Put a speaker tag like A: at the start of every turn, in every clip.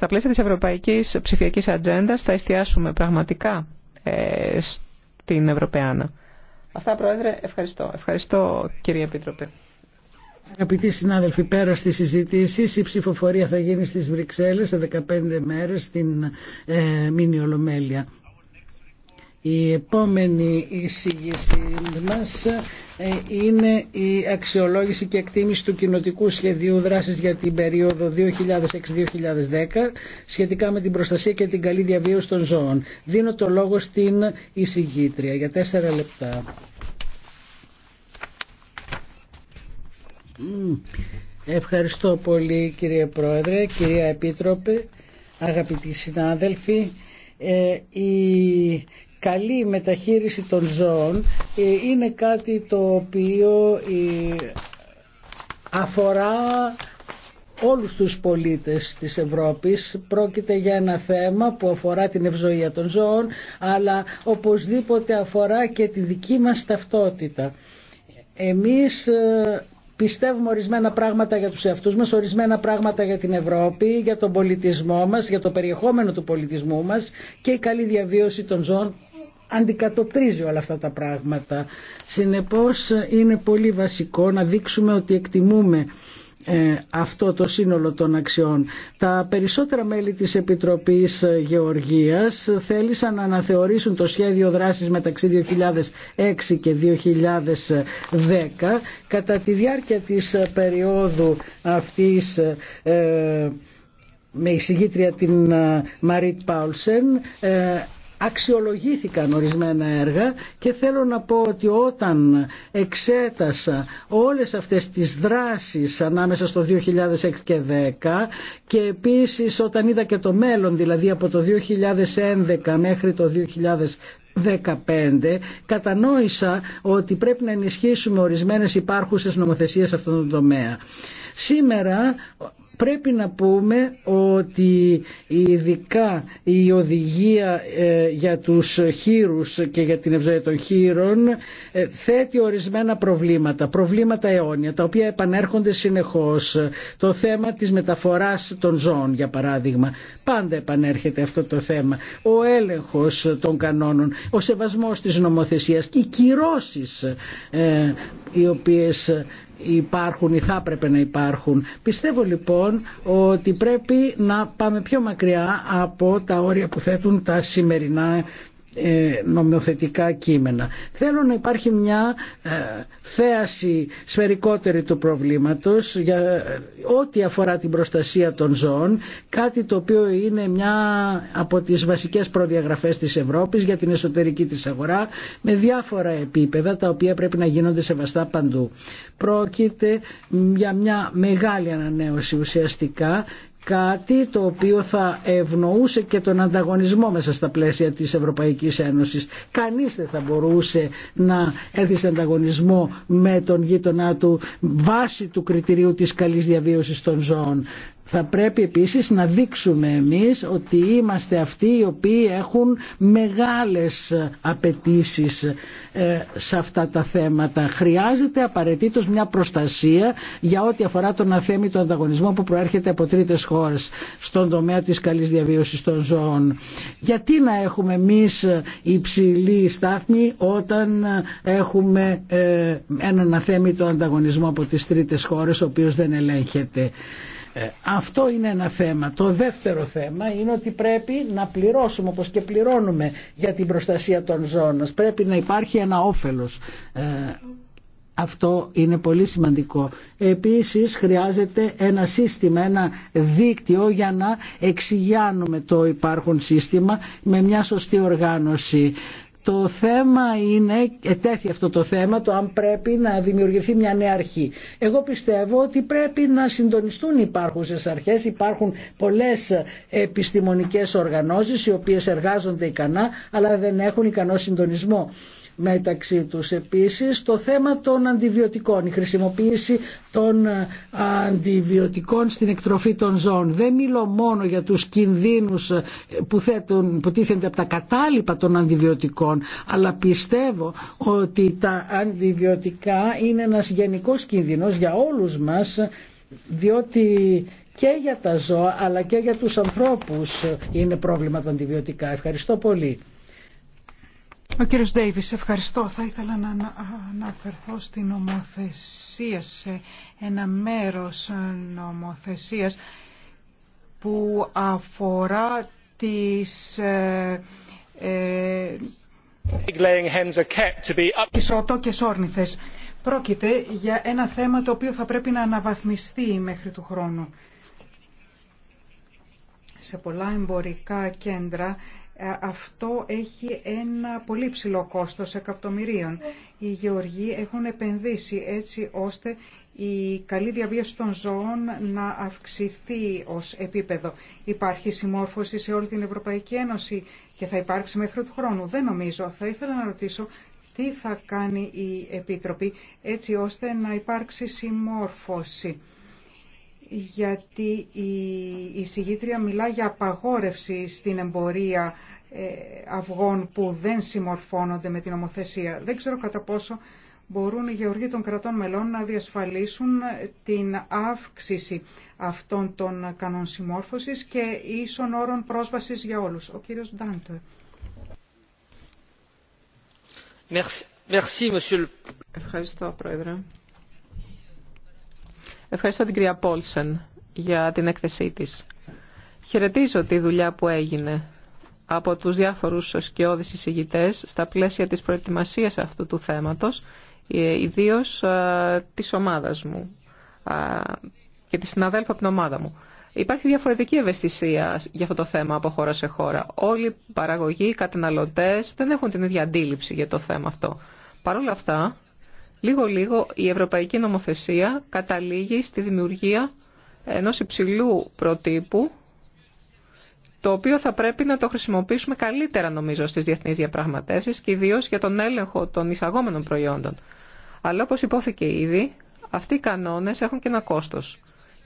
A: Στα πλαίσια της Ευρωπαϊκής Ψηφιακής Ατζέντα θα εστιάσουμε πραγματικά ε, στην Ευρωπαϊκή. Αυτά, Πρόεδρε, ευχαριστώ. Ευχαριστώ, κύριε Επίτροπε.
B: Αγαπητοί συνάδελφοι, πέρα στη συζήτηση, η ψηφοφορία θα γίνει στις Βρυξέλλες σε 15 μέρες στην ε, Ολομέλεια. Η επόμενη εισήγηση μας ε, είναι η αξιολόγηση και εκτίμηση του κοινοτικού σχεδίου δράσης για την περίοδο 2006-2010 σχετικά με την προστασία και την καλή διαβίωση των ζώων. Δίνω το λόγο στην εισηγήτρια για τέσσερα λεπτά. Ευχαριστώ πολύ κύριε Πρόεδρε, κυρία Επίτροπε, αγαπητοί συνάδελφοι. Ε, η καλή μεταχείριση των ζώων ε, είναι κάτι το οποίο ε, αφορά όλους τους πολίτες της Ευρώπης. Πρόκειται για ένα θέμα που αφορά την ευζοία των ζώων, αλλά οπωσδήποτε αφορά και τη δική μας ταυτότητα. Εμείς ε, πιστεύουμε ορισμένα πράγματα για τους εαυτούς μας, ορισμένα πράγματα για την Ευρώπη, για τον πολιτισμό μας, για το περιεχόμενο του πολιτισμού μας και η καλή διαβίωση των ζώων αντικατοπτρίζει όλα αυτά τα πράγματα. Συνεπώς είναι πολύ βασικό να δείξουμε ότι εκτιμούμε ε, αυτό το σύνολο των αξιών. Τα περισσότερα μέλη της Επιτροπής Γεωργίας θέλησαν να αναθεωρήσουν το σχέδιο δράσης μεταξύ 2006 και 2010 κατά τη διάρκεια της περίοδου αυτής ε, με εισηγήτρια την ε, Μαρίτ Πάουλσεν αξιολογήθηκαν ορισμένα έργα και θέλω να πω ότι όταν εξέτασα όλες αυτές τις δράσεις ανάμεσα στο 2006 και 2010 και επίσης όταν είδα και το μέλλον δηλαδή από το 2011 μέχρι το 2015 κατανόησα ότι πρέπει να ενισχύσουμε ορισμένες υπάρχουσες νομοθεσίες σε αυτόν τον τομέα. Σήμερα Πρέπει να πούμε ότι ειδικά η οδηγία ε, για τους χείρους και για την ευζοία των χείρων ε, θέτει ορισμένα προβλήματα, προβλήματα αιώνια, τα οποία επανέρχονται συνεχώς. Το θέμα της μεταφοράς των ζώων, για παράδειγμα, πάντα επανέρχεται αυτό το θέμα. Ο έλεγχος των κανόνων, ο σεβασμός της νομοθεσίας και οι κυρώσεις ε, οι οποίες υπάρχουν ή θα έπρεπε να υπάρχουν. Πιστεύω λοιπόν ότι πρέπει να πάμε πιο μακριά από τα όρια που θέτουν τα σημερινά ε, νομιοθετικά κείμενα. Θέλω να υπάρχει μια ε, θέαση σφαιρικότερη του προβλήματος για ε, ό,τι αφορά την προστασία των ζώων, κάτι το οποίο είναι μια από τις βασικές προδιαγραφές της Ευρώπης για την εσωτερική της αγορά με διάφορα επίπεδα τα οποία πρέπει να γίνονται σεβαστά παντού. Πρόκειται για μια μεγάλη ανανέωση ουσιαστικά κάτι το οποίο θα ευνοούσε και τον ανταγωνισμό μέσα στα πλαίσια της Ευρωπαϊκής Ένωσης. Κανείς δεν θα μπορούσε να έρθει σε ανταγωνισμό με τον γείτονά του βάσει του κριτηρίου της καλής διαβίωσης των ζώων. Θα πρέπει επίσης να δείξουμε εμείς ότι είμαστε αυτοί οι οποίοι έχουν μεγάλες απαιτήσει ε, σε αυτά τα θέματα. Χρειάζεται απαραίτητος μια προστασία για ό,τι αφορά τον αθέμητο ανταγωνισμό που προέρχεται από τρίτες χώρες στον τομέα της καλής διαβίωσης των ζώων. Γιατί να έχουμε εμείς υψηλή στάθμη όταν έχουμε ε, έναν αθέμητο ανταγωνισμό από τις τρίτες χώρες ο οποίος δεν ελέγχεται. Ε, αυτό είναι ένα θέμα. Το δεύτερο θέμα είναι ότι πρέπει να πληρώσουμε όπως και πληρώνουμε για την προστασία των ζώων. Πρέπει να υπάρχει ένα όφελος. Ε, αυτό είναι πολύ σημαντικό. Επίσης χρειάζεται ένα σύστημα, ένα δίκτυο για να εξηγιάνουμε το υπάρχον σύστημα με μια σωστή οργάνωση. Το θέμα είναι, ετέθη αυτό το θέμα, το αν πρέπει να δημιουργηθεί μια νέα αρχή. Εγώ πιστεύω ότι πρέπει να συντονιστούν οι υπάρχουσες αρχές. Υπάρχουν πολλές επιστημονικές οργανώσεις οι οποίες εργάζονται ικανά αλλά δεν έχουν ικανό συντονισμό μεταξύ τους. Επίσης το θέμα των αντιβιωτικών, η χρησιμοποίηση των ε, αντιβιωτικών στην εκτροφή των ζώων. Δεν μιλώ μόνο για τους κινδύνους ε, που, θέτουν, που τίθενται από τα κατάλοιπα των αντιβιωτικών, αλλά πιστεύω ότι τα αντιβιωτικά είναι ένας γενικός κίνδυνος για όλους μας, διότι και για τα ζώα αλλά και για τους ανθρώπους είναι πρόβλημα τα αντιβιωτικά. Ευχαριστώ πολύ.
C: Ο κύριος Ντέιβις, ευχαριστώ. Θα ήθελα να αναφερθώ στην νομοθεσία, σε ένα μέρος ε, νομοθεσίας που αφορά τις ε, ε, όρνηθες. Πρόκειται για ένα θέμα το οποίο θα πρέπει να αναβαθμιστεί μέχρι του χρόνου. Σε πολλά εμπορικά κέντρα ε, αυτό έχει ένα πολύ ψηλό κόστος εκατομμυρίων. Οι γεωργοί έχουν επενδύσει έτσι ώστε η καλή διαβίωση των ζώων να αυξηθεί ως επίπεδο. Υπάρχει συμμόρφωση σε όλη την Ευρωπαϊκή Ένωση και θα υπάρξει μέχρι του χρόνου. Δεν νομίζω. Θα ήθελα να ρωτήσω τι θα κάνει η Επίτροπη έτσι ώστε να υπάρξει συμμόρφωση γιατί η συγγήτρια μιλά για απαγόρευση στην εμπορία ε, αυγών που δεν συμμορφώνονται με την ομοθεσία. Δεν ξέρω κατά πόσο μπορούν οι γεωργοί των κρατών μελών να διασφαλίσουν ε, την αύξηση αυτών των κανόν συμμόρφωσης και ίσων όρων πρόσβασης για όλους. Ο κύριος Ντάντουερ.
A: Ευχαριστώ, Πρόεδρε. Ευχαριστώ την κυρία Πόλσεν για την έκθεσή της. Χαιρετίζω τη δουλειά που έγινε από τους διάφορους σκιώδεις εισηγητέ στα πλαίσια της προετοιμασίας αυτού του θέματος, ε, ιδίως ε, της ομάδας μου και της συναδέλφου από την ομάδα μου. Υπάρχει διαφορετική ευαισθησία για αυτό το θέμα από χώρα σε χώρα. Όλοι οι παραγωγοί, οι καταναλωτές δεν έχουν την ίδια αντίληψη για το θέμα αυτό. Παρ' όλα αυτά, Λίγο-λίγο η ευρωπαϊκή νομοθεσία καταλήγει στη δημιουργία ενός υψηλού προτύπου, το οποίο θα πρέπει να το χρησιμοποιήσουμε καλύτερα νομίζω στις διεθνείς διαπραγματεύσεις και ιδίως για τον έλεγχο των εισαγόμενων προϊόντων. Αλλά όπως υπόθηκε ήδη, αυτοί οι κανόνες έχουν και ένα κόστος.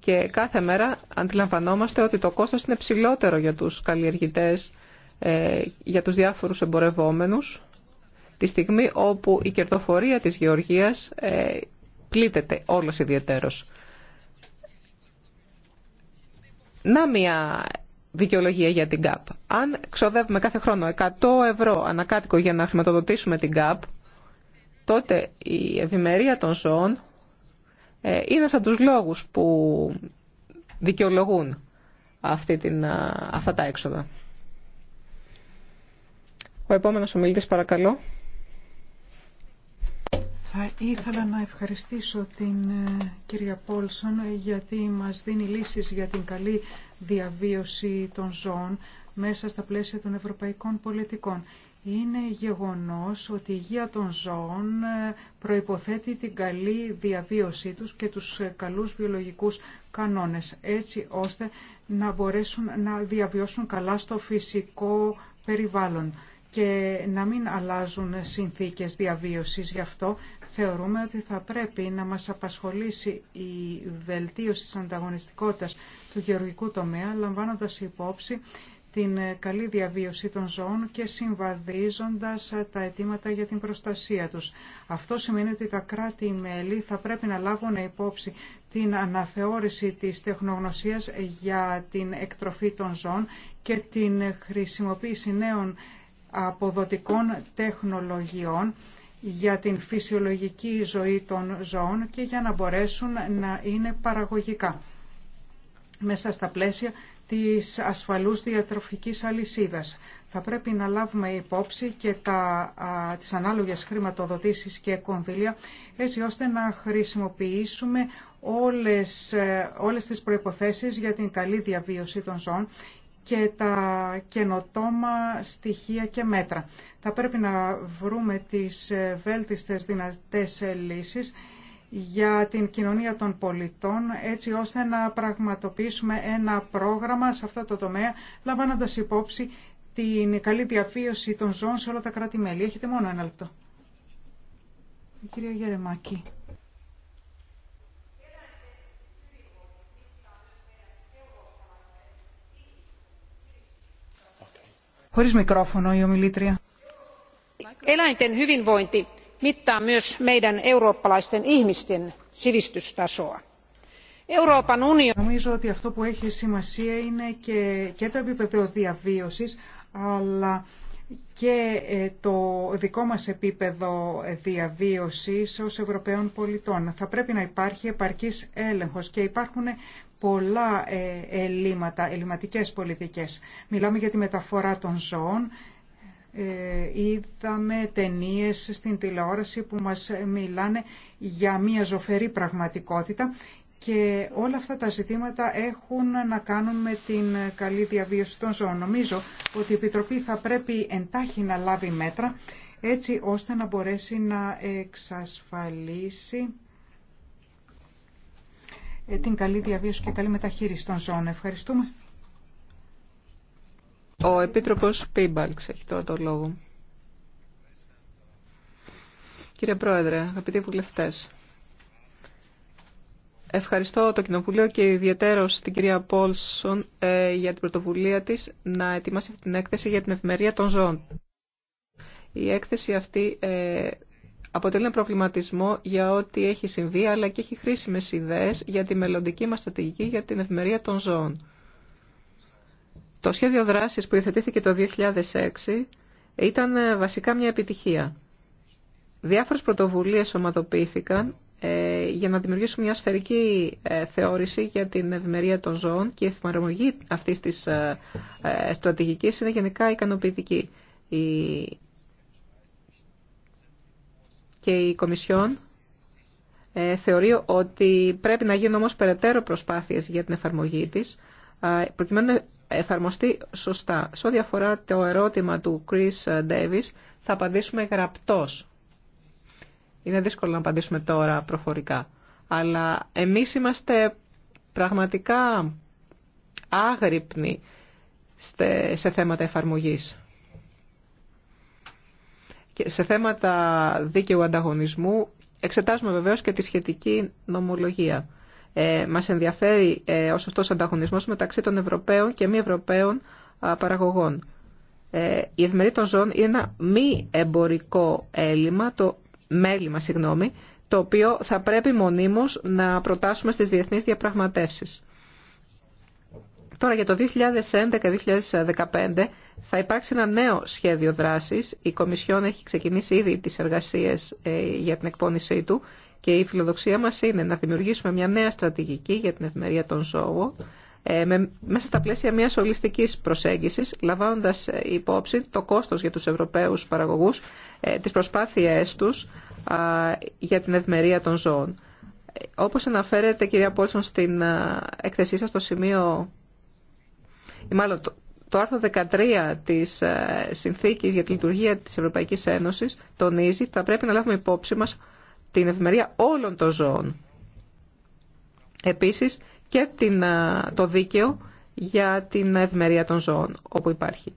A: Και κάθε μέρα αντιλαμβανόμαστε ότι το κόστος είναι ψηλότερο για τους καλλιεργητές, ε, για τους διάφορους εμπορευόμενους τη στιγμή όπου η κερδοφορία της γεωργίας ε, πλήττεται όλος ιδιαίτερος. Να μια δικαιολογία για την ΚΑΠ. Αν ξοδεύουμε κάθε χρόνο 100 ευρώ ανακάτοικο για να χρηματοδοτήσουμε την ΚΑΠ, τότε η ευημερία των ζώων ε, είναι σαν τους λόγους που δικαιολογούν αυτή την, αυτά τα έξοδα. Ο επόμενος ομιλητής παρακαλώ.
C: Θα ήθελα να ευχαριστήσω την ε, κυρία Πόλσον ε, γιατί μας δίνει λύσεις για την καλή διαβίωση των ζώων μέσα στα πλαίσια των ευρωπαϊκών πολιτικών. Είναι γεγονός ότι η υγεία των ζώων ε, προϋποθέτει την καλή διαβίωσή τους και τους καλούς βιολογικούς κανόνες, έτσι ώστε να μπορέσουν να διαβιώσουν καλά στο φυσικό περιβάλλον και να μην αλλάζουν συνθήκες διαβίωσης. Γι' αυτό θεωρούμε ότι θα πρέπει να μας απασχολήσει η βελτίωση της ανταγωνιστικότητας του γεωργικού τομέα, λαμβάνοντας υπόψη την ε, καλή διαβίωση των ζώων και συμβαδίζοντας ε, τα αιτήματα για την προστασία τους. Αυτό σημαίνει ότι τα κράτη-μέλη θα πρέπει να λάβουν υπόψη την αναθεώρηση της τεχνογνωσίας για την εκτροφή των ζώων και την χρησιμοποίηση νέων αποδοτικών τεχνολογιών για την φυσιολογική ζωή των ζώων και για να μπορέσουν να είναι παραγωγικά μέσα στα πλαίσια της ασφαλούς διατροφικής αλυσίδας. Θα πρέπει να λάβουμε υπόψη και τα, α, τις ανάλογες χρηματοδοτήσεις και κονδύλια έτσι ώστε να χρησιμοποιήσουμε όλες, ε, όλες τις προϋποθέσεις για την καλή διαβίωση των ζώων και τα καινοτόμα στοιχεία και μέτρα. Θα πρέπει να βρούμε τις ε, βέλτιστες δυνατές ε, λύσεις για την κοινωνία των πολιτών έτσι ώστε να πραγματοποιήσουμε ένα πρόγραμμα σε αυτό το τομέα λαμβάνοντας υπόψη την καλή διαφύωση των ζώων σε όλα τα κράτη-μέλη. Έχετε μόνο ένα λεπτό. κυρία Γερεμάκη. Χωρίς μικρόφωνο η ομιλήτρια. Νομίζω ότι αυτό που έχει σημασία είναι και, το επίπεδο διαβίωσης, αλλά και ε, το δικό μας επίπεδο ε, διαβίωσης ως Ευρωπαίων πολιτών. Θα πρέπει να υπάρχει επαρκής έλεγχος και υπάρχουν πολλά ε, ελλείμματα, ελληματικές πολιτικές. Μιλάμε για τη μεταφορά των ζώων. Ε, είδαμε ταινίες στην τηλεόραση που μας μιλάνε για μια ζωφερή πραγματικότητα και όλα αυτά τα ζητήματα έχουν να κάνουν με την καλή διαβίωση των ζώων. Νομίζω ότι η Επιτροπή θα πρέπει εντάχει να λάβει μέτρα έτσι ώστε να μπορέσει να εξασφαλίσει ε, την καλή διαβίωση και καλή μεταχείριση των ζώων. Ευχαριστούμε.
A: Ο Επίτροπος Πίμπαλξ έχει τώρα το λόγο. Κύριε Πρόεδρε, αγαπητοί βουλευτές, ευχαριστώ το Κοινοβουλίο και ιδιαίτερος την κυρία Πόλσον ε, για την πρωτοβουλία της να ετοιμάσει αυτή την έκθεση για την ευμερία των ζώων. Η έκθεση αυτή ε, αποτελεί ένα προβληματισμό για ό,τι έχει συμβεί, αλλά και έχει χρήσιμες ιδέες για τη μελλοντική μας στρατηγική για την ευημερία των ζώων. Το σχέδιο δράσης που υιοθετήθηκε το 2006 ήταν ε, βασικά μια επιτυχία. Διάφορες πρωτοβουλίες σωματοποιήθηκαν ε, για να δημιουργήσουμε μια σφαιρική ε, θεώρηση για την ευημερία των ζώων και η εφαρμογή αυτής της στρατηγικής είναι γενικά ικανοποιητική. Η και η Κομισιόν ε, θεωρεί ότι πρέπει να γίνουν όμως περαιτέρω προσπάθειες για την εφαρμογή της, προκειμένου να εφαρμοστεί σωστά. Σε ό,τι αφορά το ερώτημα του Chris Davis, θα απαντήσουμε γραπτός. Είναι δύσκολο να απαντήσουμε τώρα προφορικά. Αλλά εμείς είμαστε πραγματικά άγρυπνοι σε θέματα εφαρμογής σε θέματα δίκαιου ανταγωνισμού εξετάζουμε βεβαίως και τη σχετική νομολογία. Ε, μας ενδιαφέρει ε, ο σωστός ανταγωνισμός μεταξύ των Ευρωπαίων και μη Ευρωπαίων παραγωγών. Ε, η ευημερία των ζώων είναι ένα μη εμπορικό έλλειμμα, το μέλημα, συγγνώμη, το οποίο θα πρέπει μονίμως να προτάσουμε στις διεθνείς διαπραγματεύσεις. Τώρα για το 2011-2015 θα υπάρξει ένα νέο σχέδιο δράσης. Η Κομισιόν έχει ξεκινήσει ήδη τις εργασίες ε, για την εκπόνησή του και η φιλοδοξία μας είναι να δημιουργήσουμε μια νέα στρατηγική για την ευημερία των ζώων ε, μέσα στα πλαίσια μιας ολιστικής προσέγγισης, λαμβάνοντας ε, υπόψη το κόστος για τους Ευρωπαίους παραγωγούς, τις προσπάθειές τους για την ευμερία των ζώων. Όπως αναφέρεται, κυρία Πόλσον, στην έκθεσή σας, το σημείο, μάλλον το άρθρο 13 της ε, Συνθήκης για τη Λειτουργία της Ευρωπαϊκής Ένωσης τονίζει ότι θα πρέπει να λάβουμε υπόψη μας την ευημερία όλων των ζώων. Επίσης και την, ε, το δίκαιο για την ευημερία των ζώων όπου υπάρχει.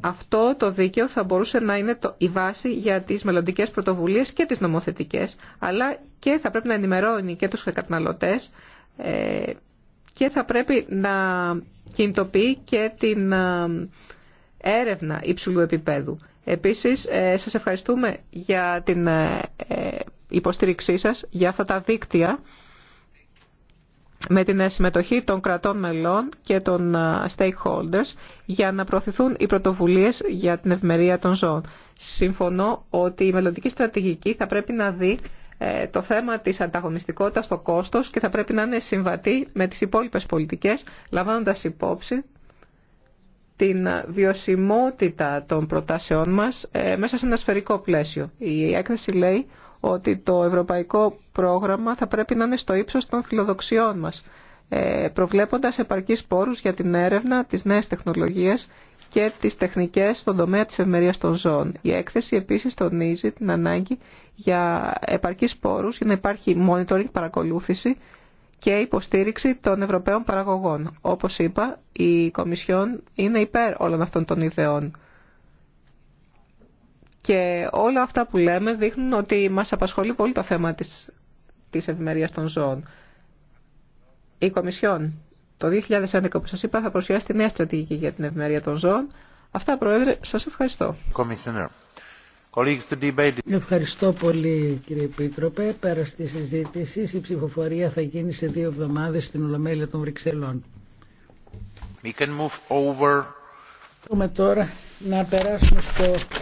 A: Αυτό το δίκαιο θα μπορούσε να είναι το, η βάση για τις μελλοντικές πρωτοβουλίες και τις νομοθετικές, αλλά και θα πρέπει να ενημερώνει και τους καταναλωτές ε, και θα πρέπει να κινητοποιεί και την ε, έρευνα υψηλού επίπεδου. Επίσης, ε, σας ευχαριστούμε για την ε, υποστήριξή σας για αυτά τα δίκτυα με την συμμετοχή των κρατών μελών και των stakeholders για να προωθηθούν οι πρωτοβουλίες για την ευμερία των ζώων. Συμφωνώ ότι η μελλοντική στρατηγική θα πρέπει να δει ε, το θέμα της ανταγωνιστικότητας, το κόστος και θα πρέπει να είναι συμβατή με τις υπόλοιπες πολιτικές, λαμβάνοντας υπόψη την βιωσιμότητα των προτάσεών μας ε, μέσα σε ένα σφαιρικό πλαίσιο. Η έκθεση λέει ότι το ευρωπαϊκό πρόγραμμα θα πρέπει να είναι στο ύψος των φιλοδοξιών μας, ε, προβλέποντας επαρκείς πόρους για την έρευνα, τις νέες τεχνολογίες και τις τεχνικές στον τομέα της ευμερίας των ζώων. Η έκθεση επίσης τονίζει την ανάγκη για επαρκή πόρους για να υπάρχει monitoring παρακολούθηση και υποστήριξη των Ευρωπαίων παραγωγών. Όπως είπα, η Κομισιόν είναι υπέρ όλων αυτών των ιδεών. Και όλα αυτά που λέμε δείχνουν ότι μας απασχολεί πολύ το θέμα της, της των ζώων. Η Κομισιόν το 2011, όπως σας είπα, θα παρουσιάσει τη νέα στρατηγική για την ευημερία των ζώων. Αυτά, Πρόεδρε,
B: σας ευχαριστώ. Ευχαριστώ πολύ κύριε Επίτροπε. Πέρα στη συζήτηση η ψηφοφορία θα γίνει σε δύο εβδομάδες στην Ολομέλεια των Βρυξελών. We can Τώρα να περάσουμε στο